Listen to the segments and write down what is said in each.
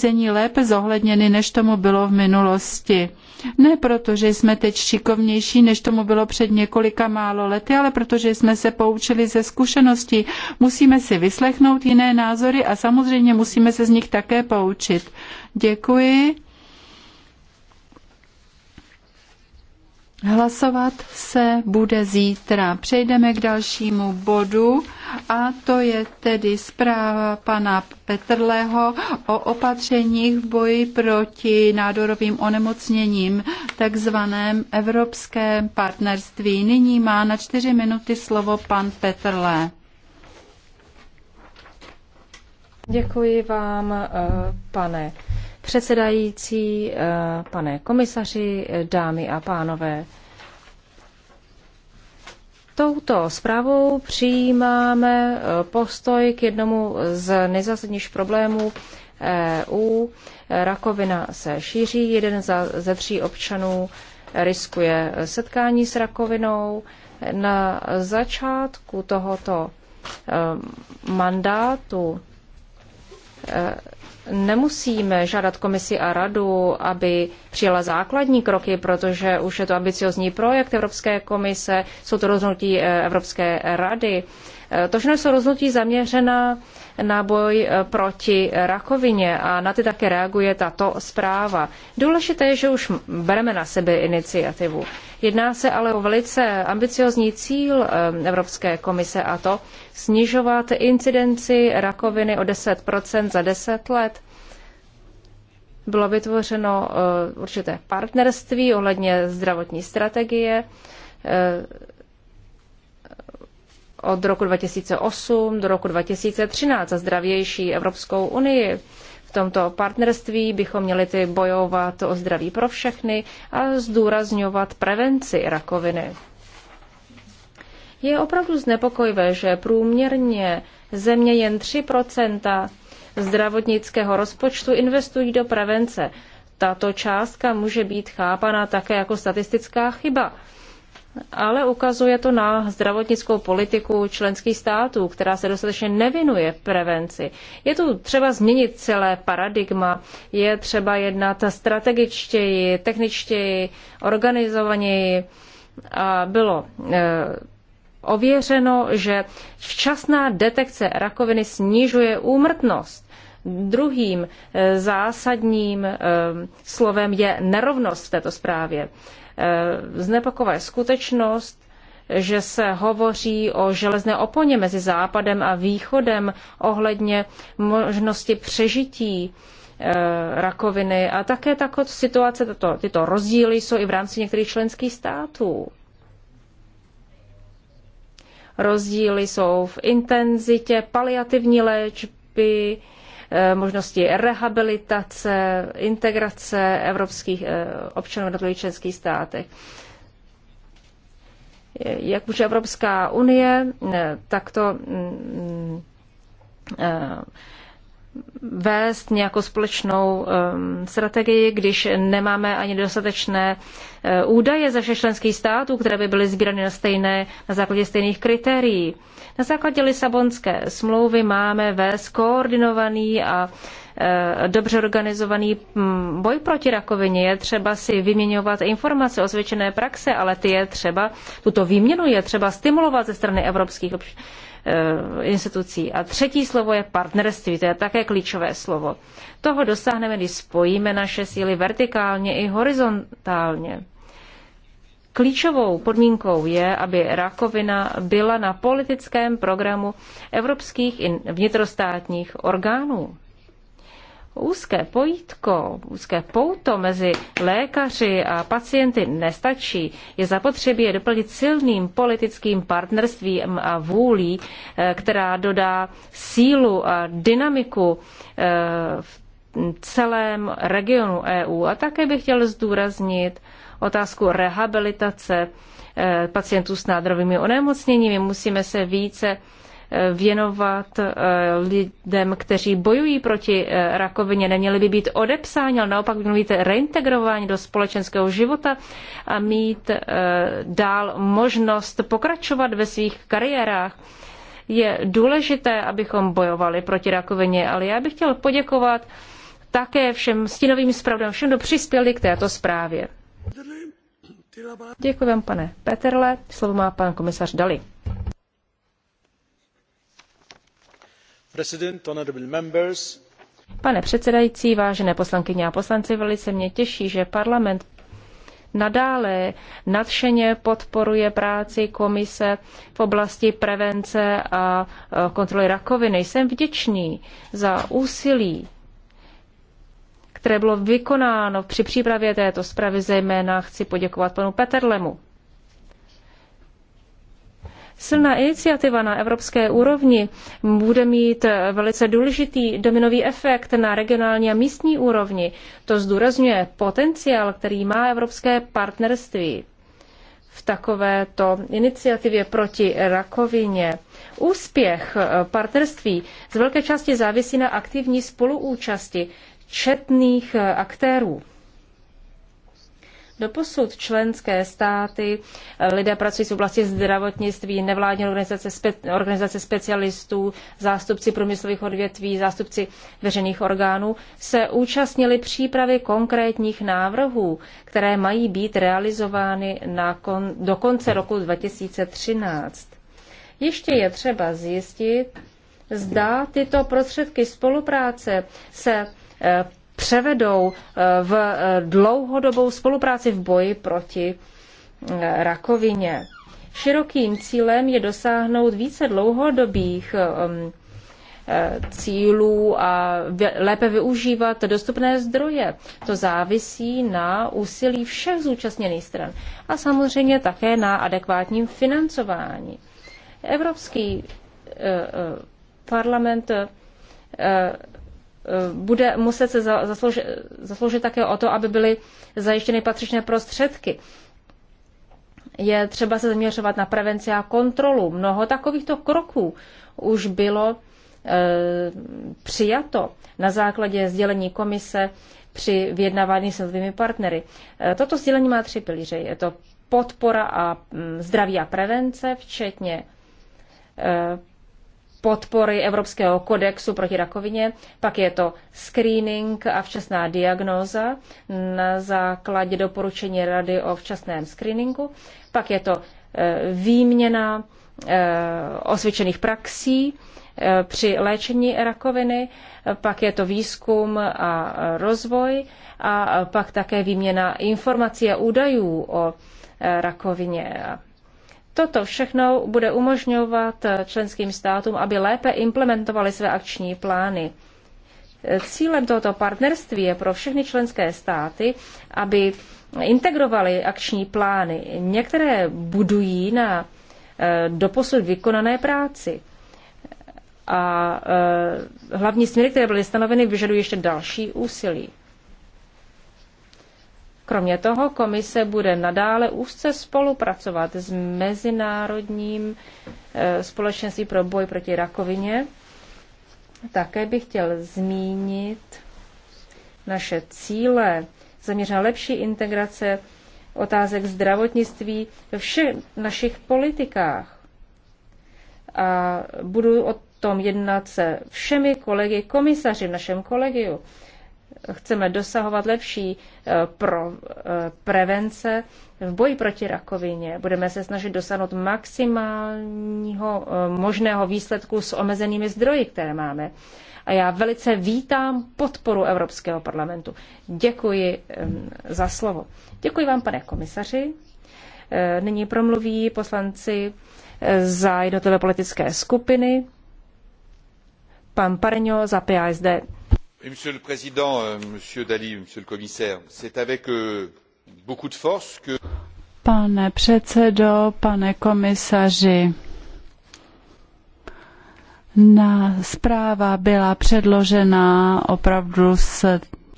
řízení lépe zohledněny, než tomu bylo v minulosti. Ne proto, že jsme teď šikovnější, než tomu bylo před několika málo lety, ale protože jsme se poučili ze zkušeností. Musíme si vyslechnout jiné názory a samozřejmě musíme se z nich také poučit. Děkuji. Hlasovat se bude zítra. Přejdeme k dalšímu bodu a to je tedy zpráva pana Petrleho o opatřeních v boji proti nádorovým onemocněním, takzvaném Evropském partnerství. Nyní má na čtyři minuty slovo pan Petrle. Děkuji vám, eh, pane předsedající, eh, pane komisaři, dámy a pánové. Touto zprávou přijímáme eh, postoj k jednomu z nejzásadnějších problémů EU. Eh, eh, rakovina se šíří, jeden ze tří občanů riskuje setkání s rakovinou. Na začátku tohoto mandátu nemusíme žádat komisi a radu, aby přijela základní kroky, protože už je to ambiciozní projekt Evropské komise, jsou to rozhodnutí eh, Evropské rady. Eh, to, že jsou rozhodnutí zaměřena na boj eh, proti rakovině a na ty také reaguje tato zpráva. Důležité je, že už bereme na sebe iniciativu. Jedná se ale o velice ambiciozní cíl eh, Evropské komise a to snižovat incidenci rakoviny o 10% za 10 let bylo vytvořeno eh, určité partnerství ohledně zdravotní strategie od roku 2008 do roku 2013 za zdravější Evropskou unii. V tomto partnerství bychom měli ty bojovat o zdraví pro všechny a zdůrazňovat prevenci rakoviny. Je opravdu znepokojivé, že průměrně země jen 3 zdravotnického rozpočtu investují do prevence. Tato částka může být chápana také jako statistická chyba ale ukazuje to na zdravotnickou politiku členských států, která se dostatečně nevinuje prevenci. Je tu třeba změnit celé paradigma, je třeba jednat strategičtěji, techničtěji, organizovaněji. A bylo e, ověřeno, že včasná detekce rakoviny snižuje úmrtnost. Druhým e, zásadním e, slovem je nerovnost v této zprávě. Eh, znepokové skutečnost, že se hovoří o železné oponě mezi západem a východem ohledně možnosti přežití eh, rakoviny a také tato situace, tato, tyto rozdíly jsou i v rámci některých členských států. Rozdíly jsou v intenzitě paliativní léčby, Eh, možnosti rehabilitace, integrace evropských eh, občanů v jednotlivých členských státech. Jak už Evropská unie, eh, tak to mm, mm, vést nějakou společnou ehm, strategii, když nemáme ani dostatečné eh, údaje ze všech členských států, které by byly sbírány na, stejné, na základě stejných kritérií. Na základě Lisabonské smlouvy máme vést koordinovaný a Eh, dobře organizovaný mm, boj proti rakovině. Je třeba si vyměňovat informace o zvětšené praxe, ale ty je třeba, tuto výměnu je třeba stimulovat ze strany evropských eh, institucí. A třetí slovo je partnerství, to je také klíčové slovo. Toho dosáhneme, když spojíme naše síly vertikálně i horizontálně. Klíčovou podmínkou je, aby rakovina byla na politickém programu evropských i vnitrostátních orgánů úzké pojítko, úzké pouto mezi lékaři a pacienty nestačí. Je zapotřebí je doplnit silným politickým partnerstvím a vůlí, eh, která dodá sílu a dynamiku eh, v celém regionu EU. A také bych chtěl zdůraznit otázku rehabilitace eh, pacientů s nádorovými onemocněními. Musíme se více věnovat eh, lidem, kteří bojují proti eh, rakovině, neměli by být odepsáni, ale naopak by měli reintegrování do společenského života a mít eh, dál možnost pokračovat ve svých kariérách je důležité, abychom bojovali proti rakovině, ale já bych chtěl poděkovat také všem stínovým zpravodám, všem, kdo přispěli k této zprávě. Děkuji vám, pane Peterle. Slovo má pan komisař Dali. Pane předsedající, vážené poslankyně a poslanci, velice mě těší, že parlament nadále nadšeně podporuje práci komise v oblasti prevence a kontroly rakoviny. Jsem vděčný za úsilí, které bylo vykonáno při přípravě této zprávy, zejména chci poděkovat panu Peterlemu Silná iniciativa na evropské úrovni bude mít velice důležitý dominový efekt na regionální a místní úrovni. To zdůrazňuje potenciál, který má evropské partnerství v takovéto iniciativě proti rakovině. Úspěch partnerství z velké části závisí na aktivní spoluúčasti četných aktérů. Doposud členské státy, eh, lidé pracují v oblasti zdravotnictví, nevládní organizace, spe, organizace specialistů, zástupci průmyslových odvětví, zástupci veřejných orgánů se účastnili přípravy konkrétních návrhů, které mají být realizovány na kon, do konce roku 2013. Ještě je třeba zjistit, zda tyto prostředky spolupráce se eh, převedou eh, v eh, dlouhodobou spolupráci v boji proti eh, rakovině. Širokým cílem je dosáhnout více dlouhodobých ehm, cílů a lépe využívat dostupné zdroje. To závisí na úsilí všech zúčastněných stran a samozřejmě také na adekvátním financování. Evropský parlament Eh, bude muset se zasloužit, zasloužit také o to, aby byly zajištěny patřičné prostředky. Je třeba se zaměřovat na prevenci a kontrolu. Mnoho takovýchto kroků už bylo e, přijato na základě sdělení komise při vyjednávání s svými partnery. E, toto sdělení má tři pilíře. Je to podpora a m, mm, zdraví a prevence, včetně e, podpory Evropského kodexu proti rakovině, pak je to screening a včasná diagnóza na základě doporučení Rady o včasném screeningu, pak je to e, výměna e, osvědčených praxí e, při léčení rakoviny, pak je to výzkum a rozvoj a pak také výměna informací a údajů o rakovině Toto všechno bude umožňovat členským státům, aby lépe implementovali své akční plány. Cílem tohoto partnerství je pro všechny členské státy, aby integrovali akční plány. Některé budují na eh, doposud vykonané práci. A eh, hlavní směry, které byly stanoveny, vyžadují ještě další úsilí. Kromě toho komise bude nadále úzce spolupracovat s Mezinárodním eh, společenstvím pro boj proti rakovině. Také bych chtěl zmínit naše cíle zaměřená lepší integrace otázek zdravotnictví ve všech našich politikách. A budu o tom jednat se všemi kolegy komisaři v našem kolegiu chceme dosahovat lepší eh, pro eh, prevence v boji proti rakovině. Budeme se snažit dosáhnout maximálního eh, možného výsledku s omezenými zdroji, které máme. A já velice vítám podporu Evropského parlamentu. Děkuji za slovo. Děkuji vám, pane komisaři. Nyní promluví poslanci za jednotlivé politické skupiny. Pan Parňo za PASD monsieur le président euh, monsieur dalli monsieur le commissaire c'est avec euh, beaucoup de force que. pane předsedo pane komisaři na zpráva byla předložena opravdu s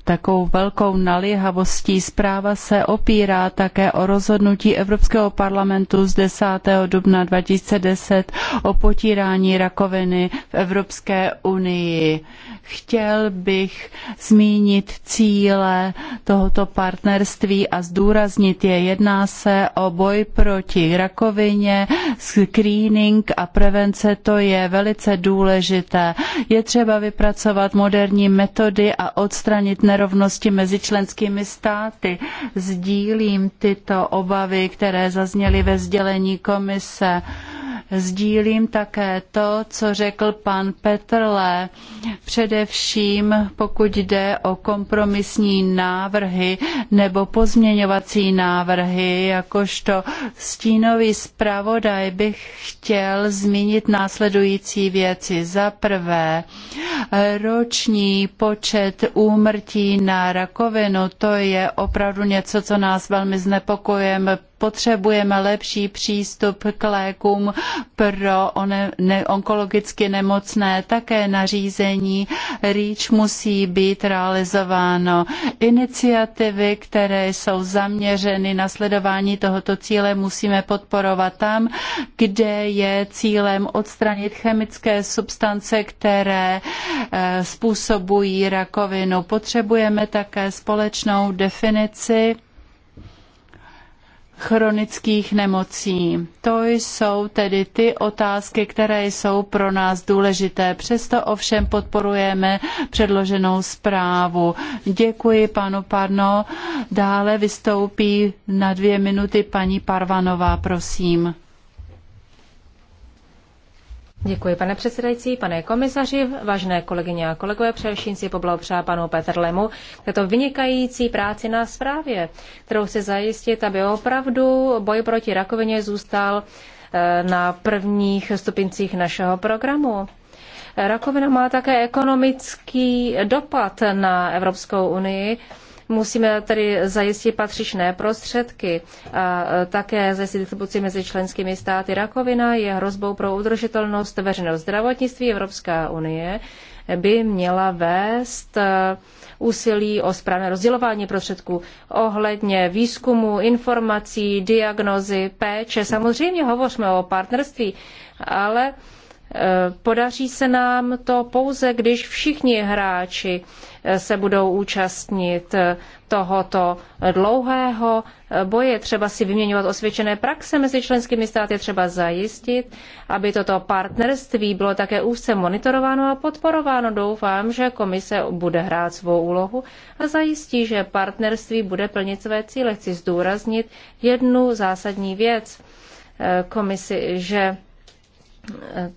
takovou velkou naléhavostí. Zpráva se opírá také o rozhodnutí Evropského parlamentu z 10. dubna 2010 o potírání rakoviny v Evropské unii. Chtěl bych zmínit cíle tohoto partnerství a zdůraznit je. Jedná se o boj proti rakovině, screening a prevence, to je velice důležité. Je třeba vypracovat moderní metody a odstranit ne nerovnosti mezi členskými státy. Sdílím tyto obavy, které zazněly ve sdělení komise. Sdílím také to, co řekl pan Petrle, především pokud jde o kompromisní návrhy nebo pozměňovací návrhy, jakožto stínový zpravodaj bych chtěl zmínit následující věci. Za prvé, roční počet úmrtí na rakovinu, to je opravdu něco, co nás velmi znepokojuje potřebujeme lepší přístup k lékům pro onkologicky nemocné. Také nařízení REACH musí být realizováno. Iniciativy, které jsou zaměřeny na sledování tohoto cíle, musíme podporovat tam, kde je cílem odstranit chemické substance, které eh, způsobují rakovinu. Potřebujeme také společnou definici chronických nemocí. To jsou tedy ty otázky, které jsou pro nás důležité. Přesto ovšem podporujeme předloženou zprávu. Děkuji panu Parno. Dále vystoupí na dvě minuty paní Parvanová, prosím. Děkuji, pane předsedající, pane komisaři, vážné kolegyně a kolegové, především si poblahopřeji panu Petrlemu za to vynikající práci na zprávě, kterou se zajistit, aby opravdu boj proti rakovině zůstal eh, na prvních stupincích našeho programu. Rakovina má také ekonomický dopad na Evropskou unii Musíme tedy zajistit patřičné prostředky a e, také zajistit distribuci mezi členskými státy. Rakovina je hrozbou pro udržitelnost veřejného zdravotnictví Evropská unie by měla vést e, úsilí o správné rozdělování prostředků ohledně výzkumu, informací, diagnozy, péče. Samozřejmě hovoříme o partnerství, ale e, podaří se nám to pouze, když všichni hráči se budou účastnit tohoto dlouhého boje. Třeba si vyměňovat osvědčené praxe mezi členskými státy, třeba zajistit, aby toto partnerství bylo také úzce monitorováno a podporováno. Doufám, že komise bude hrát svou úlohu a zajistí, že partnerství bude plnit své cíle. Chci zdůraznit jednu zásadní věc eh, komisi, že eh,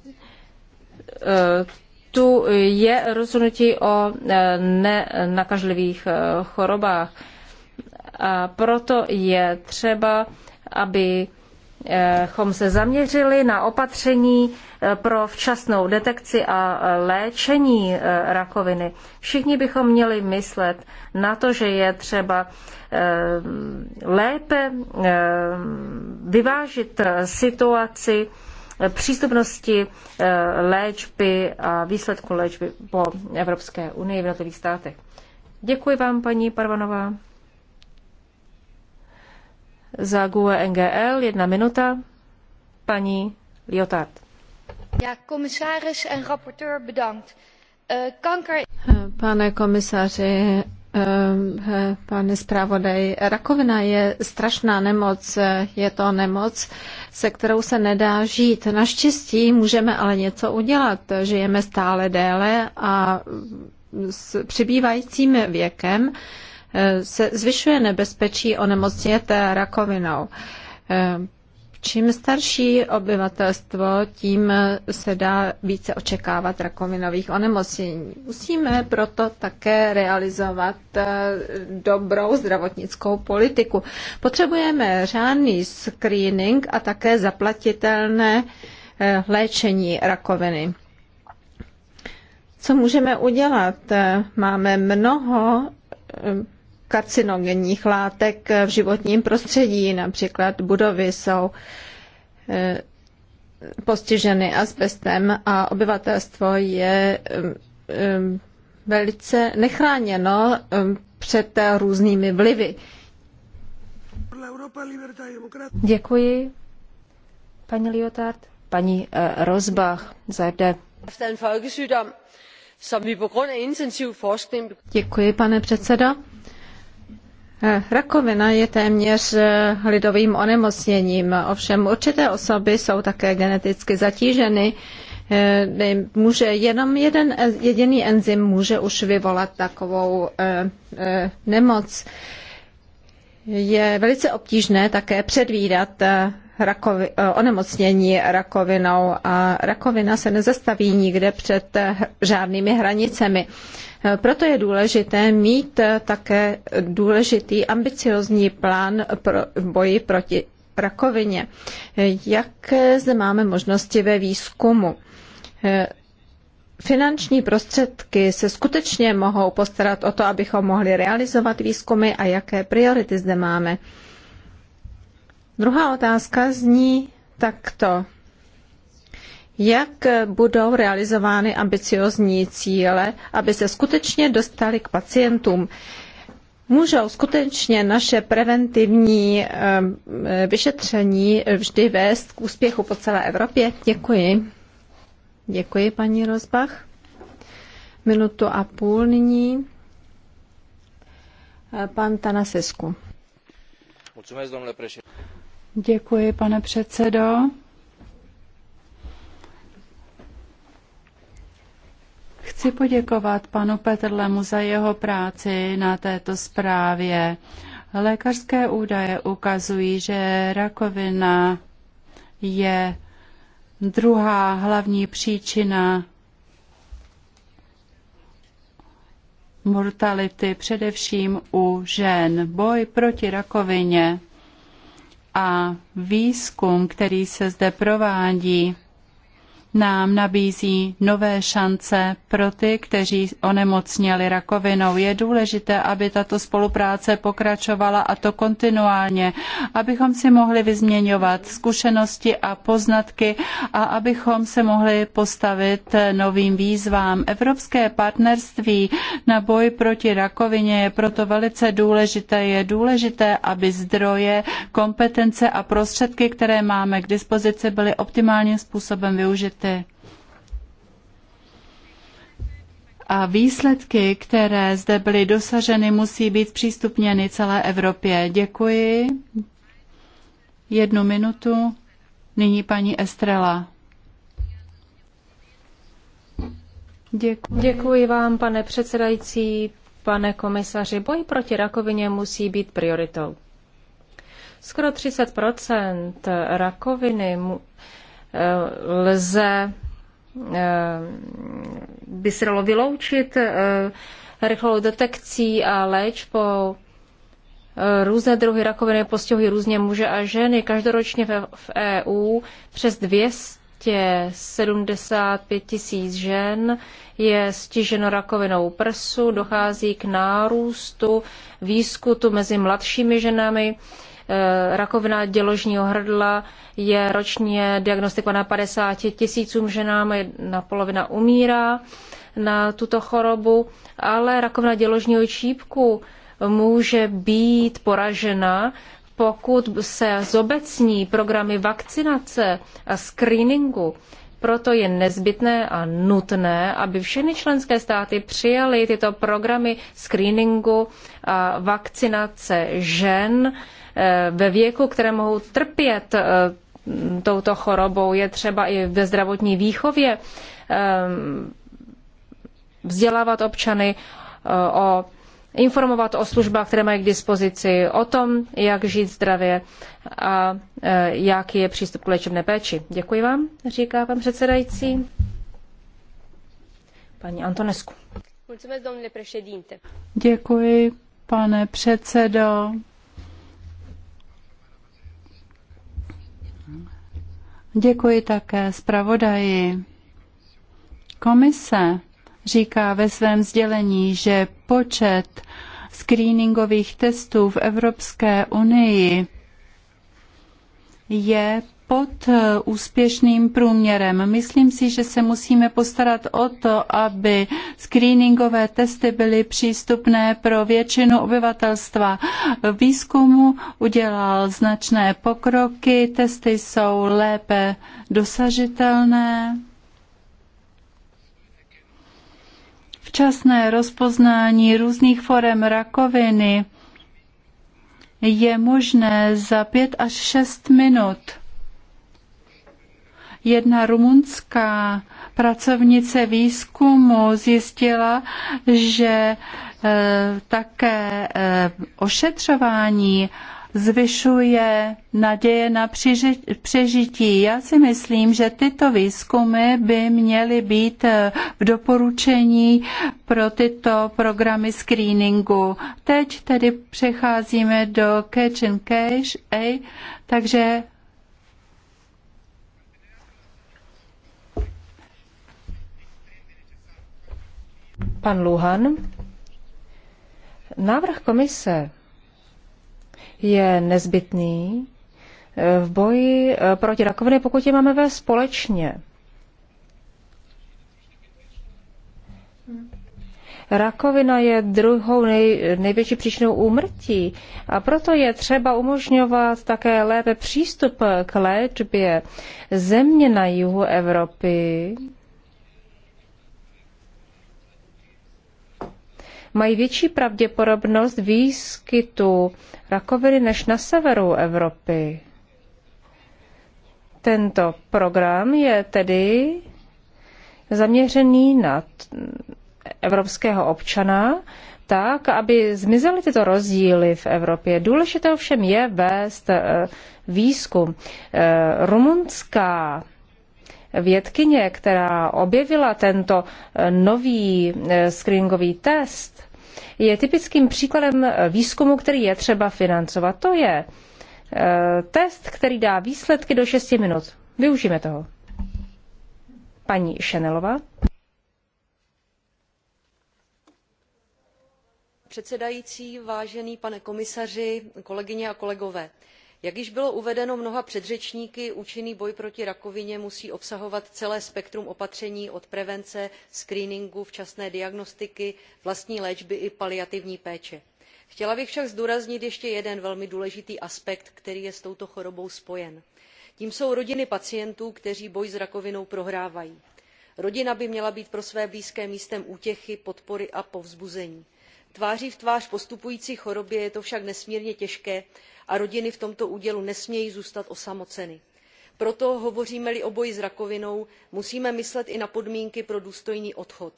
tu je rozhodnutí o e, nenakažlivých e, chorobách. A proto je třeba, abychom e, se zaměřili na opatření pro včasnou detekci a léčení rakoviny. Všichni bychom měli myslet na to, že je třeba lépe vyvážit situaci přístupnosti eh, léčby a výsledku léčby po Evropské unii v jednotlivých státech. Děkuji vám, paní Parvanová. Za GUE NGL jedna minuta. Paní Liotard. Ja, commissaris en rapporteur bedankt. Uh, kanker... Pane komisaři, Ehm, pane zpravodaj. Rakovina je strašná nemoc, je to nemoc, se kterou se nedá žít. Naštěstí můžeme ale něco udělat. Žijeme stále déle a s přibývajícím věkem eh, se zvyšuje nebezpečí onemocnět eh, rakovinou ehm, Čím starší obyvatelstvo, tím se dá více očekávat rakovinových onemocnění. Musíme proto také realizovat eh, dobrou zdravotnickou politiku. Potřebujeme řádný screening a také zaplatitelné eh, léčení rakoviny. Co můžeme udělat? Máme mnoho eh, karcinogenních látek v životním prostředí, například budovy jsou eh, postiženy asbestem a obyvatelstvo je eh, eh, velice nechráněno před různými vlivy. Děkuji, paní Liotard, paní Rozbach, za Děkuji, pane předsedo. Eh, rakovina je téměř eh, lidovým onemocněním, ovšem určité osoby jsou také geneticky zatíženy. Eh, může jenom jeden jediný enzym může už vyvolat takovou nemoc je velice obtížné také předvídat eh, rakovi, eh, onemocnění rakovinou a rakovina se nezastaví nikde před eh, žádnými hranicemi. Proto je důležité mít také důležitý ambiciozní plán pro boji proti rakovině. Jaké zde máme možnosti ve výzkumu? finanční prostředky se skutečně mohou postarat o to, abychom mohli realizovat výzkumy a jaké priority zde máme. Druhá otázka zní takto. Jak budou realizovány ambiciozní cíle, aby se skutečně dostali k pacientům? Můžou skutečně naše preventivní eh, vyšetření vždy vést k úspěchu po celé Evropě? Děkuji. Děkuji, paní Rozbach. Minutu a půl nyní. Pan Tanasesku. Děkuji, pane předsedo. Chci poděkovat panu Petrlemu za jeho práci na této zprávě. Lékařské údaje ukazují, že rakovina je Druhá hlavní příčina mortality především u žen, boj proti rakovině a výzkum, který se zde provádí, nám nabízí nové šance pro ty, kteří onemocněli rakovinou. Je důležité, aby tato spolupráce pokračovala a to kontinuálně, abychom si mohli vyzměňovat zkušenosti a poznatky a abychom se mohli postavit novým výzvám. Evropské partnerství na boj proti rakovině je proto velice důležité. Je důležité, aby zdroje, kompetence a prostředky, které máme k dispozici, byly optimálním způsobem využity státy. A výsledky, které zde byly dosaženy, musí být přístupněny celé Evropě. Děkuji. Jednu minutu. Nyní paní Estrela. Děkuji. Děkuji vám, pane předsedající, pane komisaři. Boj proti rakovině musí být prioritou. Skoro 30 rakoviny Eh, lze eh, by se dalo vyloučit eh, rychlou detekcí a léčbou. Různé druhy rakoviny postihují různě muže a ženy. Každoročně v EU přes 275 tisíc žen je stiženo rakovinou prsu, dochází k nárůstu výskutu mezi mladšími ženami Eh, rakovina děložního hrdla je ročně diagnostikovaná 50 tisícům ženám, jedna polovina umírá na tuto chorobu, ale rakovina děložního čípku může být poražena, pokud se zobecní programy vakcinace a screeningu proto je nezbytné a nutné, aby všechny členské státy přijaly tyto programy screeningu a vakcinace žen Eh, ve věku, které mohou trpět eh, touto chorobou. Je třeba i ve zdravotní výchově eh, vzdělávat občany o informovat o službách, které mají k dispozici, o tom, jak žít zdravě a jaký je přístup k léčebné péči. Děkuji vám, říká pan předsedající. Paní Antonescu. Děkuji, pane předsedo. Děkuji také zpravodaji. Komise říká ve svém sdělení, že počet screeningových testů v Evropské unii je pod eh, úspěšným průměrem. Myslím si, že se musíme postarat o to, aby screeningové testy byly přístupné pro většinu obyvatelstva. Výzkumu udělal značné pokroky, testy jsou lépe dosažitelné. Včasné rozpoznání různých forem rakoviny je možné za pět až šest minut. Jedna rumunská pracovnice výzkumu zjistila, že eh, také eh, ošetřování zvyšuje naděje na přežití. Já si myslím, že tyto výzkumy by měly být eh, v doporučení pro tyto programy screeningu. Teď tedy přecházíme do Catch and Cash, takže Pan Luhan. Návrh komise je nezbytný eh, v boji eh, proti rakovině, pokud je máme ve společně. Rakovina je druhou nej, největší příčinou úmrtí a proto je třeba umožňovat také lépe přístup k léčbě. Země na jihu Evropy mají větší pravděpodobnost výskytu rakoviny než na severu Evropy. Tento program je tedy zaměřený na evropského občana, tak, aby zmizely tyto rozdíly v Evropě. Důležité ovšem je vést eh, výzkum. Eh, rumunská vědkyně, která objevila tento eh, nový screeningový test, je typickým příkladem eh, výzkumu, který je třeba financovat. To je eh, test, který dá výsledky do 6 minut. Využijeme toho. Paní Šenelová. Předsedající, vážený pane komisaři, kolegyně a kolegové jak již bylo uvedeno mnoha předřečníky účinný boj proti rakovině musí obsahovat celé spektrum opatření od prevence screeningu včasné diagnostiky vlastní léčby i paliativní péče. chtěla bych však zdůraznit ještě jeden velmi důležitý aspekt který je s touto chorobou spojen. tím jsou rodiny pacientů kteří boj s rakovinou prohrávají. rodina by měla být pro své blízké místem útěchy podpory a povzbuzení tváří v tvář postupující chorobě je to však nesmírně těžké a rodiny v tomto údělu nesmějí zůstat osamoceny. proto hovoříme li o boji s rakovinou musíme myslet i na podmínky pro důstojný odchod.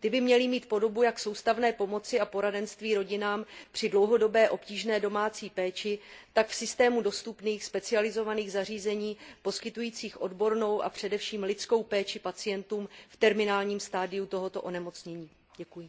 ty by měly mít podobu jak soustavné pomoci a poradenství rodinám při dlouhodobé obtížné domácí péči tak v systému dostupných specializovaných zařízení poskytujících odbornou a především lidskou péči pacientům v terminálním stadiu tohoto onemocnění. děkuji.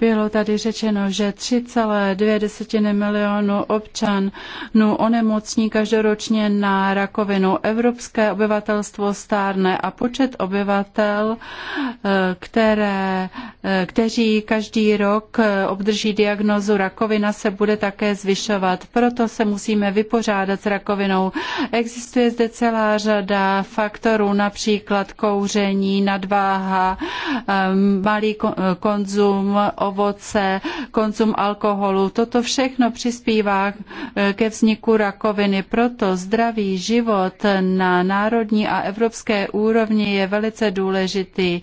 Bylo tady řečeno, že 3,2 milionu občanů onemocní každoročně na rakovinu. Evropské obyvatelstvo stárne a počet obyvatel, eh, které, eh, kteří každý rok eh, obdrží diagnózu rakovina, se bude také zvyšovat. Proto se musíme vypořádat s rakovinou. Existuje zde celá řada faktorů, například kouření, nadváha, malý konzum, ovoce, konzum alkoholu. Toto všechno přispívá eh, ke vzniku rakoviny. Proto zdravý život na národní a evropské úrovni je velice důležitý.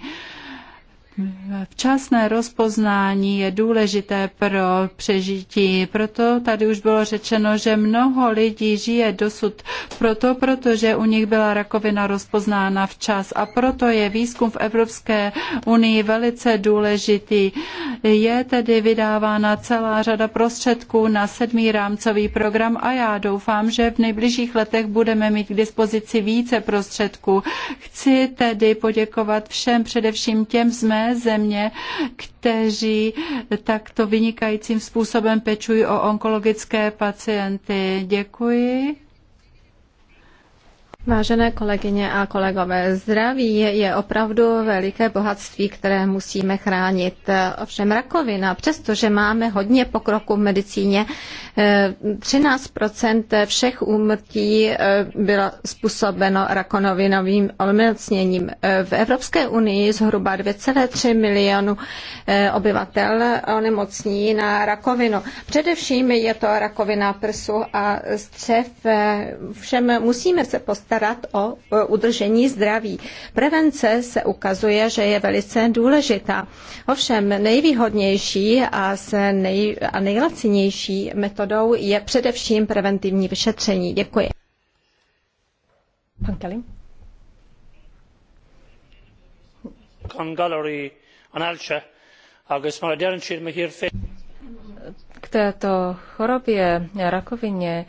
Včasné rozpoznání je důležité pro přežití, proto tady už bylo řečeno, že mnoho lidí žije dosud proto, protože u nich byla rakovina rozpoznána včas a proto je výzkum v Evropské unii velice důležitý. Je tedy vydávána celá řada prostředků na sedmý rámcový program a já doufám, že v nejbližších letech budeme mít k dispozici více prostředků. Chci tedy poděkovat všem, především těm z mé země, kteří takto vynikajícím způsobem pečují o onkologické pacienty. Děkuji. Vážené kolegyně a kolegové, zdraví je opravdu veliké bohatství, které musíme chránit. Ovšem rakovina, přestože máme hodně pokroku v medicíně, 13 eh, všech úmrtí eh, bylo způsobeno rakonovinovým onemocněním. Eh, v Evropské unii zhruba 2,3 milionu obyvatel onemocní na rakovinu. Především je to rakovina prsu a střev. Všem musíme se postarat starat o udržení zdraví. Prevence se ukazuje, že je velice důležitá. Ovšem nejvýhodnější a, se nej, a nejlacinější metodou je především preventivní vyšetření. Děkuji. Pan Kelly. K této chorobě, rakovině,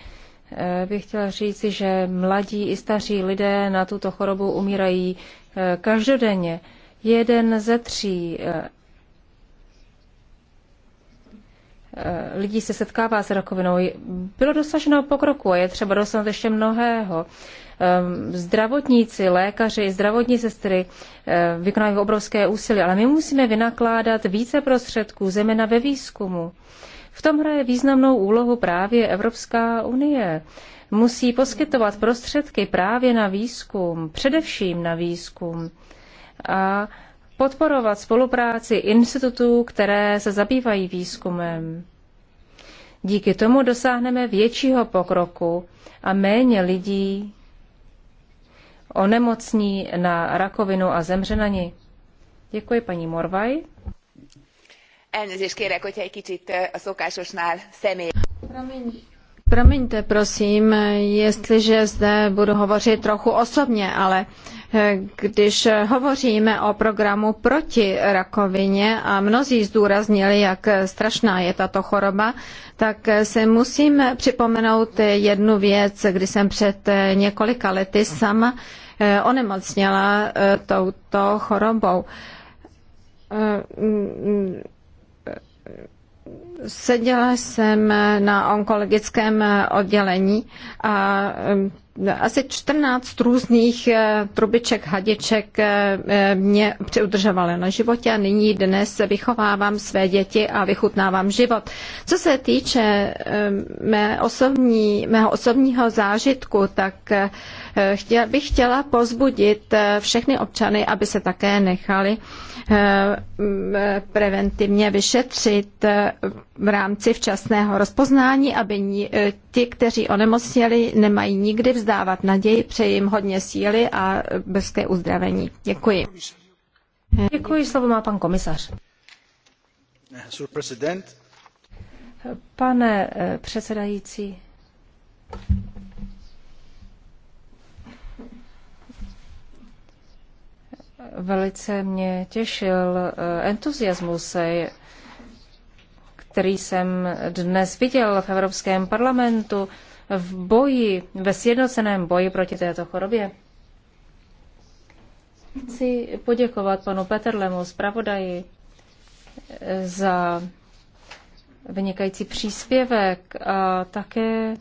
Eh, bych chtěla říci, že mladí i staří lidé na tuto chorobu umírají eh, každodenně. Jeden ze tří eh, lidí se setkává s rakovinou. Bylo dosaženo pokroku a je třeba dosáhnout ještě mnohého. Ehm, zdravotníci, lékaři, zdravotní sestry vykonávají obrovské úsilí, ale my musíme vynakládat více prostředků, zejména ve výzkumu. V tom hraje významnou úlohu právě Evropská unie. Musí poskytovat prostředky právě na výzkum, především na výzkum. A podporovat spolupráci institutů, které se zabývají výzkumem. Díky tomu dosáhneme většího pokroku a méně lidí onemocní na rakovinu a zemře na ní. Děkuji paní Morvaj. Elnézést kérek, hogyha egy kicsit a szokásosnál személy. Promiňte, prosím, jestliže zde budu hovořit trochu osobně, ale e, když e, hovoříme o programu proti rakovině a mnozí zdůraznili, jak strašná je tato choroba, tak e, si musím připomenout jednu věc, kdy jsem před několika lety sama onemocněla touto chorobou seděla jsem na onkologickém oddělení a e, asi 14 různých e, trubiček, hadiček e, mě udržovaly na životě a nyní dnes vychovávám své děti a vychutnávám život. Co se týče mé osobní, mého osobního zážitku, tak chtěla, bych chtěla pozbudit eh, všechny občany, aby se také nechali eh, eh, preventivně vyšetřit v rámci včasného rozpoznání, aby ti, kteří onemocněli, nemají nikdy vzdávat naději. Přeji jim hodně síly a brzké uzdravení. Děkuji. Děkuji, slovo má pan komisař. Pane předsedající, Velice mě těšil eh, entuziasmus, eh, který jsem dnes viděl v Evropském parlamentu v boji, ve sjednoceném boji proti této chorobě. Chci poděkovat panu Peterlemu zpravodaji, eh, za vynikající příspěvek a také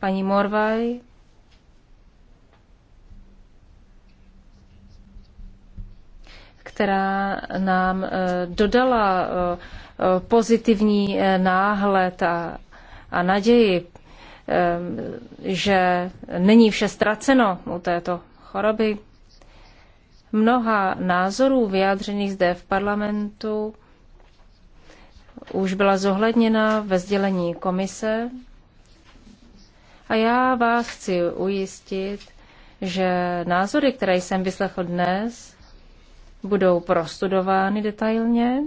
paní Morvaj která nám eh, dodala eh, pozitivní eh, náhled a, a naději, že není vše ztraceno u této choroby. Mnoha názorů vyjádřených zde v parlamentu už byla zohledněna ve sdělení komise a já vás chci ujistit, že názory, které jsem vyslechl dnes, budou prostudovány detailně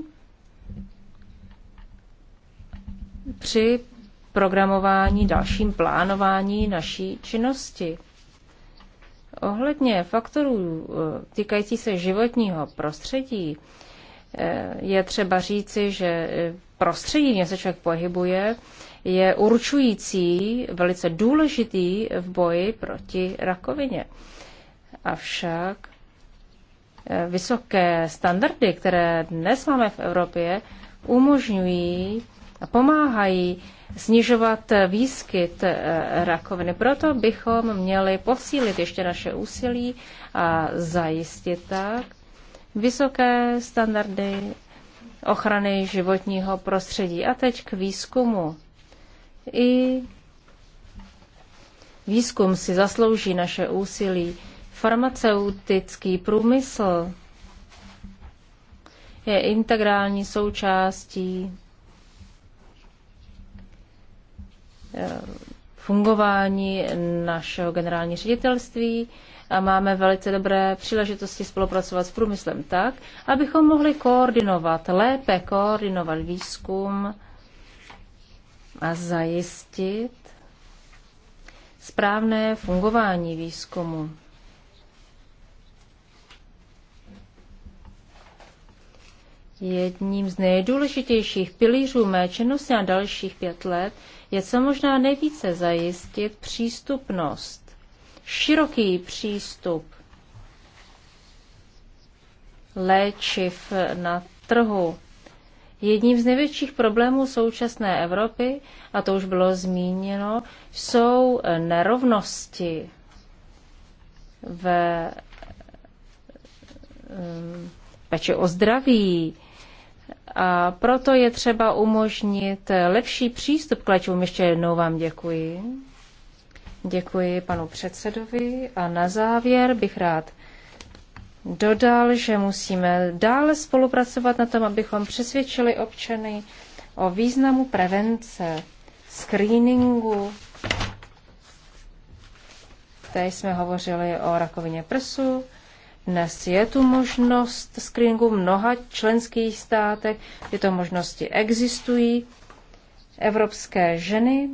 při programování, dalším plánování naší činnosti. Ohledně faktorů eh, týkající se životního prostředí eh, je třeba říci, že eh, prostředí, v se člověk pohybuje, je určující, velice důležitý v boji proti rakovině. Avšak vysoké standardy, které dnes máme v Evropě, umožňují a pomáhají snižovat výskyt eh, rakoviny. Proto bychom měli posílit ještě naše úsilí a zajistit tak vysoké standardy ochrany životního prostředí. A teď k výzkumu. I výzkum si zaslouží naše úsilí Farmaceutický průmysl je integrální součástí eh, fungování našeho generální ředitelství a máme velice dobré příležitosti spolupracovat s průmyslem tak, abychom mohli koordinovat, lépe koordinovat výzkum a zajistit správné fungování výzkumu. Jedním z nejdůležitějších pilířů mé činnosti na dalších pět let je co možná nejvíce zajistit přístupnost, široký přístup léčiv na trhu. Jedním z největších problémů současné Evropy, a to už bylo zmíněno, jsou nerovnosti ve um, peči o zdraví, a proto je třeba umožnit lepší přístup k léčivům. Ještě jednou vám děkuji. Děkuji panu předsedovi a na závěr bych rád dodal, že musíme dále spolupracovat na tom, abychom přesvědčili občany o významu prevence, screeningu. Tady jsme hovořili o rakovině prsu, dnes je tu možnost screeningu v mnoha členských státech, tyto možnosti existují. Evropské ženy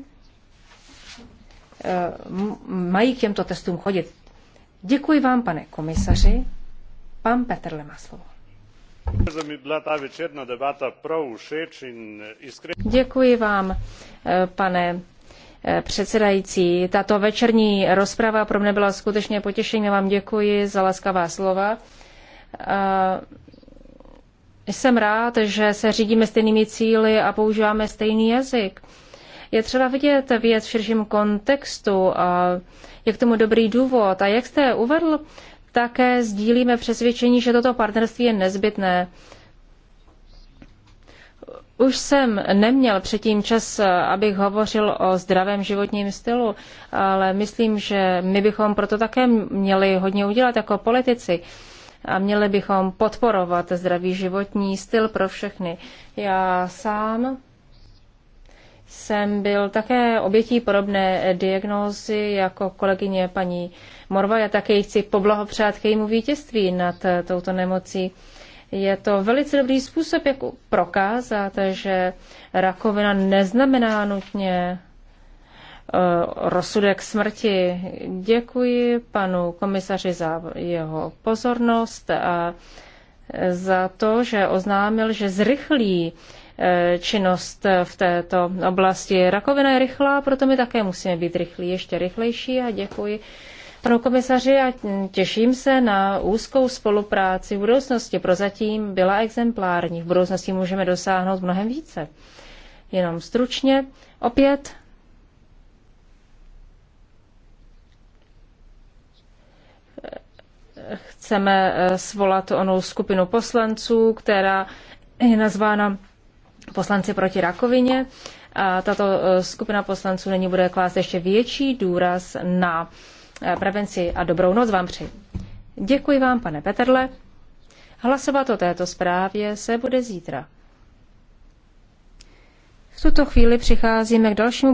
eh, mají k těmto testům chodit. Děkuji vám, pane komisaři. Pan Petr má slovo. Děkuji vám, eh, pane Eh, předsedající. Tato večerní rozprava pro mě byla skutečně potěšením. Vám děkuji za laskavá slova. Eh, jsem rád, že se řídíme stejnými cíly a používáme stejný jazyk. Je třeba vidět věc v širším kontextu a je k tomu dobrý důvod. A jak jste uvedl, také sdílíme přesvědčení, že toto partnerství je nezbytné. Už jsem neměl předtím čas, eh, abych hovořil o zdravém životním stylu, ale myslím, že my bychom proto také měli hodně udělat jako politici a měli bychom podporovat zdravý životní styl pro všechny. Já sám jsem byl také obětí podobné diagnózy jako kolegyně paní Morva. Já také chci poblahopřát k jejímu vítězství nad touto nemocí. Je to velice dobrý způsob, jak prokázat, že rakovina neznamená nutně eh, rozsudek smrti. Děkuji panu komisaři za jeho pozornost a eh, za to, že oznámil, že zrychlí eh, činnost v této oblasti. Rakovina je rychlá, proto my také musíme být rychlí, ještě rychlejší a děkuji Pane komisaři, já těším se na úzkou spolupráci v budoucnosti. Prozatím byla exemplární. V budoucnosti můžeme dosáhnout mnohem více. Jenom stručně. Opět chceme eh, svolat onou skupinu poslanců, která je nazvána poslanci proti rakovině. A tato eh, skupina poslanců není bude klást ještě větší důraz na Eh, prevenci a dobrou noc vám přeji. Děkuji vám, pane Petrle. Hlasovat o této zprávě se bude zítra. V tuto chvíli přicházíme k dalšímu